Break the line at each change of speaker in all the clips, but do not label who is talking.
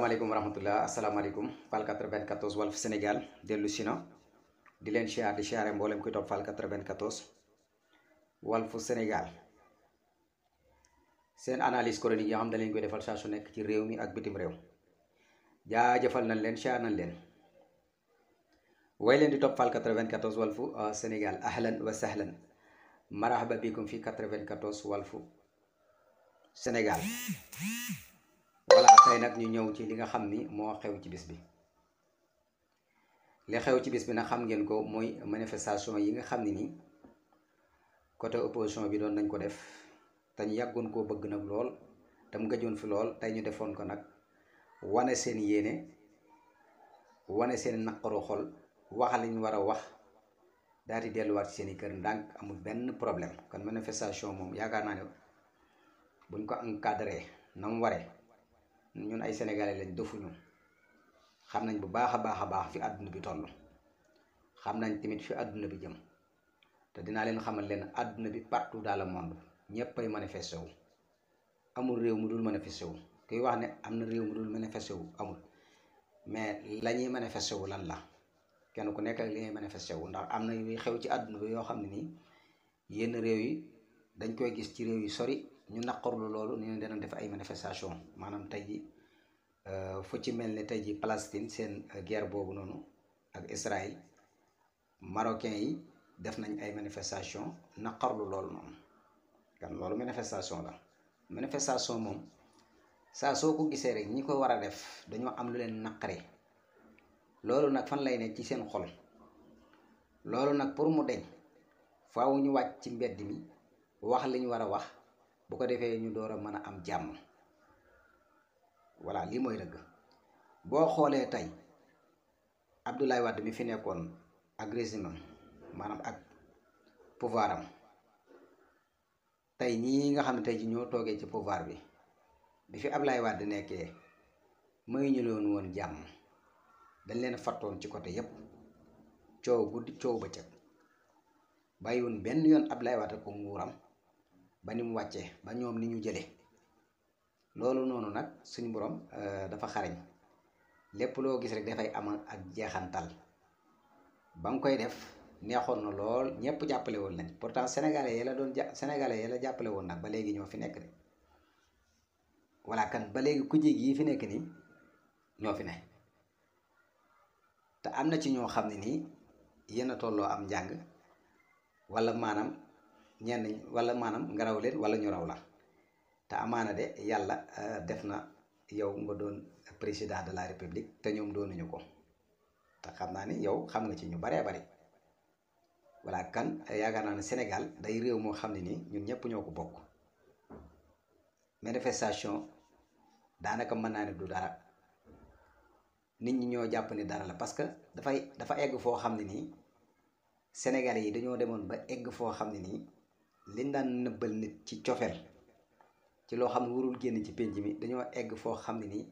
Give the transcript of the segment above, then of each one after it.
asalaamaaleykum wa rahmatulah asalaamaaleykum Fall 94 Walf Sénégal dellu si na di leen siyaar di siyaare mboolem kuy topp Fall 94 fu Sénégal seen analyse chronique yoo xam ne leen koy defal saa nekk ci réew mi ak bitim réew jëfal nañ leen siyaar nañ leen way leen di topp Fall 94 Walf euh, Sénégal ahlan wa sahlan marhaba bikum fi 94 Walf Sénégal. voilà nag ñu ñëw ci li nga xam ni moo xew ci bis bi li xew ci bis bi nag xam ngeen ko mooy manifestation yi nga xam ne ni côté opposition bi doon dañ ko def te ñu yàggoon koo bëgg nag lool te mu gëjoon fi lool tey ñu defoon ko nag wane seen yéene wane seen naqaru xol wax liñ war a wax daal di delluwaat ci seen i kër ndànk amul benn problème kon manifestation moom yaakaar naa ne buñ ko encadré na mu waree. ñun ay sénégalais lañ defuñu xam nañ bu baax a baax a baax fi àdduna bi toll xam nañ tamit fi àdduna bi jëm te dinaa leen xamal leen àdduna bi partout dans le monde ñëpp ay manifesté wu amul réew mu dul manifesté wu kuy wax ne am na réew mu dul manifesté wu amul mais la ñuy manifesté wu lan la kenn ku nekk ak li wu ndax am na yuy xew ci àdduna bi yoo xam ne nii yenn réew yi dañ koy gis ci réew yi sori ñu naqarlu loolu ni ñu danañ def ay manifestation maanaam tey ji euh, fu ci mel ni tey ji Palestine seen euh, guerre boobu noonu ak Israël marocain yi def nañ ay manifestation naqarlu loolu noonu kan loolu manifestation la manifestation moom saa soo ko gisee rek ñi ko war a def dañoo am lu leen naqare loolu nag fan lay ne ci seen xol loolu nag pour mu deñ faw ñu wàcc ci mbedd mi wax li ñu war a wax bu ko defee ñu door a mën a am jàmm voilà lii mooy dëgg boo xoolee tey Abdoulaye Wade mi fi nekkoon ak régime am maanaam ak pouvoir am tey ñii nga xam ne tey ji ñoo toogee ci pouvoir bi bi fi Abdoulaye Wade nekkee may ñu loon woon jàmm dañ leen fattoon ci côté yépp coow guddi coow bëccëg yoon benn yoon Abdoulaye Wade ko nguuram ba ni mu wàccee ba ñoom ni ñu jëlee loolu noonu nag suñu borom euh, dafa xarañ lépp loo gis rek dafay amal ak jeexantal ba nga koy def neexoon na lool ñëpp jàppale woon nañ pourtant sénégalais yi la doon ja sénégalais yi la jàppale woon nag ba léegi ñoo fi nekk de walla kan ba léegi ku jéeg yii fi nekk nii ñoo fi ne te am na ci ñoo xam ne nii yéen a tolloo am njàng walla maanaam. ñenn ñi wala maanaam nga raw leen wala ñu raw la te amaana de yàlla euh, def na yow nga doon président de la république te ñoom doonuñu ko te xam naa ni yow xam nga ci ñu baree bari voilà kan yaakaar naa ne Sénégal day réew moo xam ne nii ñu ñëpp ñoo ko bokk manifestation daanaka mën naa ne du dara nit ñi ñoo jàpp ni dara la parce que dafay dafa egg foo xam ne nii Sénégalais yi dañoo demoon ba egg foo xam ne nii. liñ daan nëbbal nit ci cofeel ci loo xam ne warul génn ci pénc mi dañoo egg foo xam ne nii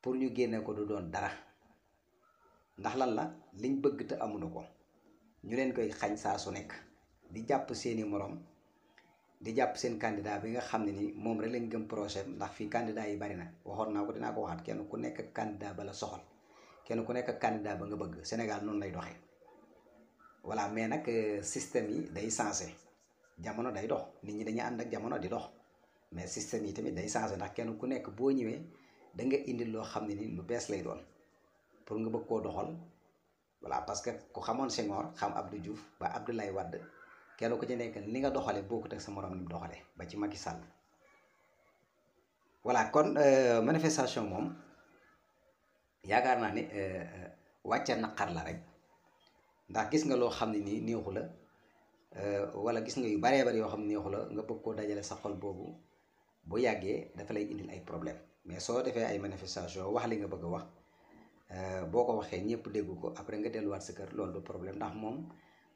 pour ñu génne ko du doon dara ndax lan la liñ bëgg te amuñu ko ñu leen koy xañ saa su nekk di jàpp seeni moroom di jàpp seen candidat bi nga xam ne ni moom rek lañ gëm projet ndax fii candidat yi bari na waxoon naa ko dinaa ko waxaat kenn ku nekk candidat ba la soxal kenn ku nekk candidat ba nga bëgg Sénégal noonu lay doxee voilà mais nag euh, système yi day changé jamono day dox nit ñi dañuy ànd ak jamono di dox mais système yi tamit day changé ndax kenn ku nekk boo ñëwee da nga indil loo xam ne ni lu bees lay doon pour nga bëgg koo doxal voilà parce que ku xamoon Senghor xam Abdou juuf ba Abdoulaye Wade kenn ku ci nekk ni nga doxale ko ak sa moroom ni mu doxale ba ci Macky Sall voilà kon euh, manifestation moom yaakaar naa ne euh, wàcce na naqar la rek ndax gis nga loo xam ne nii neexu la euh, wala gis nga yu baree bari yoo xam ne neexu la nga bëgg koo dajale sa xol boobu bu yàggee dafa lay indi ay problème mais soo defee ay manifestation wax li nga bëgg a wax euh, boo ko waxee ñëpp dégg ko après nga delluwaat sa kër loolu du problème ndax moom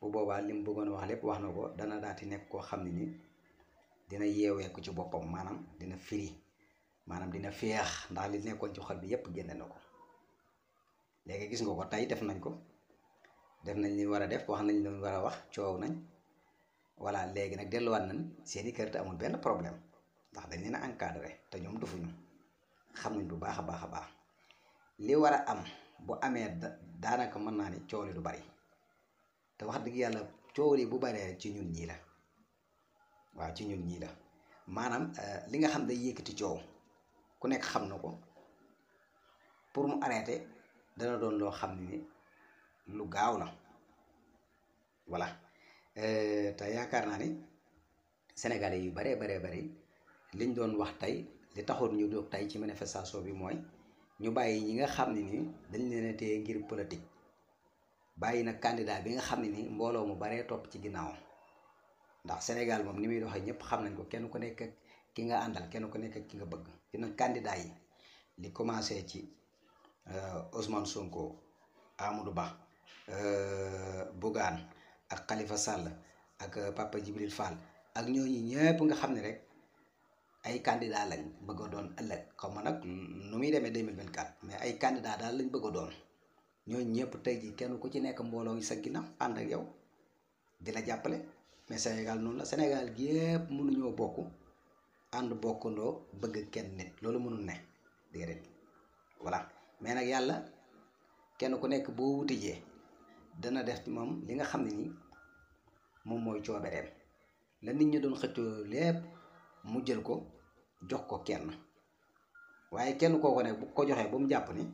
bu boobaa li mu bëggoon wax lépp wax na ko dana daati nekk koo xam ne nii dina yeewee ko ci boppam maanaam dina firi maanaam dina feex ndax li nekkoon ci xol bi yëpp génne na ko léegi gis nga ko tey def nañ ko def nañ li war a def wax nañ li war a wax coow nañ voilà léegi nag delluwaat nañ seeni kër te amul benn problème ndax dañ leen a encadré te ñoom dufuñu xamuñ bu baax a baax a baax li war a am bu amee daanaka mën naa ni coow li bari te wax dëgg yàlla coow bu baree ci ñun ñii waaw ci ñun ñii la maanaam euh, li nga xam day yëkkati coow ku nekk xam na ko pour mu arrêté dana doon loo xam ni lu gaaw la voilà euh, te yaakaar naa ni sénégalais yu baree baree bari liñ doon wax tey li taxoon ñu doog tey ci manifestation bi mooy ñu bàyyi ñi nga xam ne nii dañ leen a téye ngir politique bàyyi na candidat bi nga xam ne nii mbooloo mu baree topp ci ginnaawam ndax Sénégal moom ni muy doxee ñëpp xam nañ ko kenn ku nekk ki nga àndal kenn ku nekk ak ki nga bëgg dina nag yi li commencé ci euh, Ousmane Sonko Amadou Ba. Euh, Bougane ak Khalifa Sall ak euh, Papa Djibril Fall ak ñooñu ñëpp nga xam ne rek ay candidat lañ bëgg doon ëllëg xaw nag nu muy demee 2024 mais ay candidat daal lañ bëgg a doon ñooñu ñëpp tey jii kenn ku ci nekk mbooloo yi sa ginnaaw ànd ak yow di la jàppale mais Sénégal noonu la Sénégal gi yëpp mënuñoo bokk ànd bokkandoo bëgg kenn nit loolu mënul ne déedéet voilà mais nag yàlla kenn ku nekk boo wutijee dana def ci moom li nga xam ne nii moom mooy coobereem la nit ñi doon xëccoo lépp mu jël ko jox ko kenn waaye kenn kooku ne bu ko joxee ba mu jàpp ni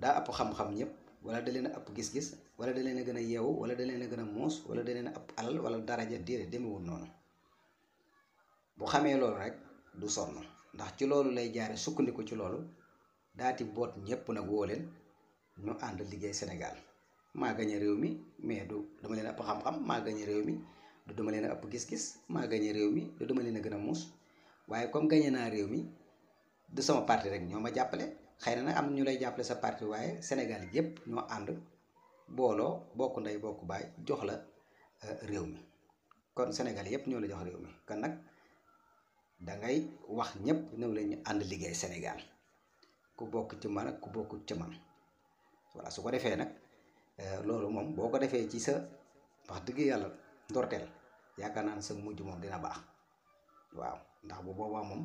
daa ëpp xam-xam ñëpp wala da leen a ëpp gis-gis wala da leen a gën a yeewu wala da leen a gën a muus wala da leen a ëpp alal wala daraja déedéet demewul noonu bu xamee loolu rek du sonn ndax ci loolu lay jaare sukkandiku ci loolu daati boot ñëpp nag woo leen ñu ànd liggéey Sénégal maa gañe réew mi mais du dama leen ëpp xam-xam maa gañe réew mi du dama leen ëpp gis-gis maa gañe réew mi du dama leen a gën a muus waaye comme gañe naa réew mi du sama parti rek ñoo ma jàppale xëy na nag am ñu lay jàppale sa parti waaye Sénégal yëpp ñoo ànd booloo bokk ndey bokk baay jox la euh, réew mi kon Sénégal yëpp ñoo la jox réew mi kon nag da ngay wax ñëpp new la ñu ànd liggéey Sénégal ku bokk ci man ak ku bokk ci man voilà su ko defee nag. Eh, loolu moom boo ko defee ci sa wax dëgg yàlla ndorteel yaakaar naa ne sa mujj moom dina baax waaw ndax bu boobaa moom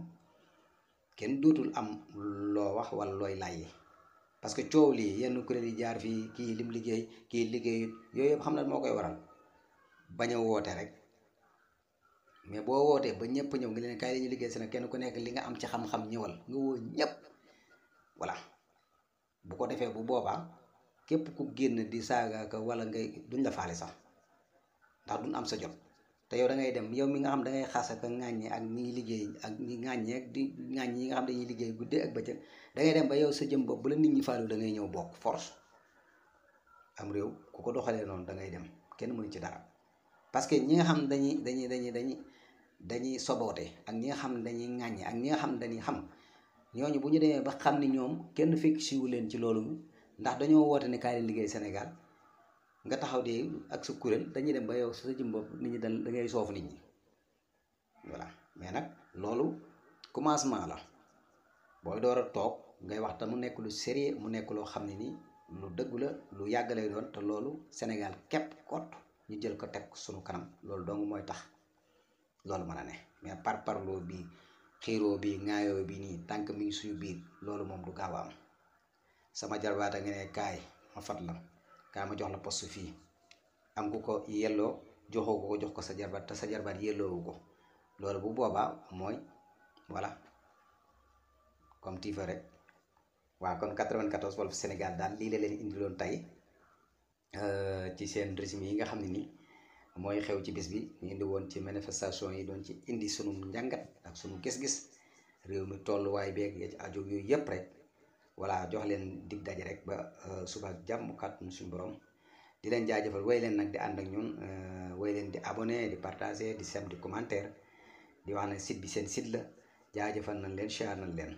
kenn dootul am loo wax wala looy laajee parce que coow lii yenn kuréel yi jaar fii kii lim liggéey kii liggéeyut yooyu yëpp xam na moo koy waral bañ a woote rek mais boo wootee ba ñëpp ñëw nga leen kaay la ñu liggéey si nag kenn ku nekk li nga am ci xam-xam ñëwal nga woo ñëpp voilà bu ko defee bu boobaa. képp ku génn di saagaaka wala ngay duñ la faale sax ndax duñ am sa jot te yow da ngay dem yow mi nga xam da ngay xas ak ŋàññe ak ñi liggéey ak ñi ŋàññe di ŋàññe yi nga xam dañuy liggéey guddee ak bëccëg da ngay ba yow sa jëm bopp bu nit ñi faalu da ngay ñëw bokk force am réew ku ko doxalee noonu da ngay dem kenn mënu ci dara parce que ñi nga xam dañuy dañuy dañuy dañuy dañuy soboote ak ñi nga xam dañuy ŋàññe ak ñi nga xam dañuy xam ñooñu bu ñu demee ba xam ni ñoom kenn fekk siwu leen ci loolu ndax dañoo woote ne kaay leen liggéey Sénégal nga taxaw di ak sa kuréel dañuy dem ba yow sa jëm bopp nit ñi dañ da ngay soofu nit ñi waa mais nag loolu commencement la booy door a toog ngay wax te mu nekk lu sérieux mu nekk loo xam ne nii lu dëggu la lu yàgg lay doon te loolu Sénégal képp kot ñu jël ko teg sunu kanam loolu dong mooy tax loolu mën a ne mais par parloo bi xiiroo bi ŋaayoo bi nii tànk mi ngi suñu biir loolu moom du gaaw a am sama jarbaat a nga ne kaay ma fat la kaay ma jox la poste fii am ku ko yelloo joxoo ko jox ko sa jarbaat te sa jarbaat yelloowu ko loolu bu boobaa mooy voilà comme tiifa rek waaw kon 94 Walf Sénégal daal lii la leen indiloon tey euh, ci seen régime yi nga xam ne nii mooy xew ci bis bi ñu indi woon ci manifestation yi doon ci indi sunu njàngat ak sunu gis-gis réew mi tolluwaay beeg ya ci aju yooyu yëpp rek. voilà jox leen dig daje rek ba euh, suba jàmm kàttan suñu borom di leen jaajëfal way leen nag di ànd ak ñun euh, way leen di abonné di partagé di sem di commentaire di wax ne site seen site la jaajëfal nañ leen share nañ leen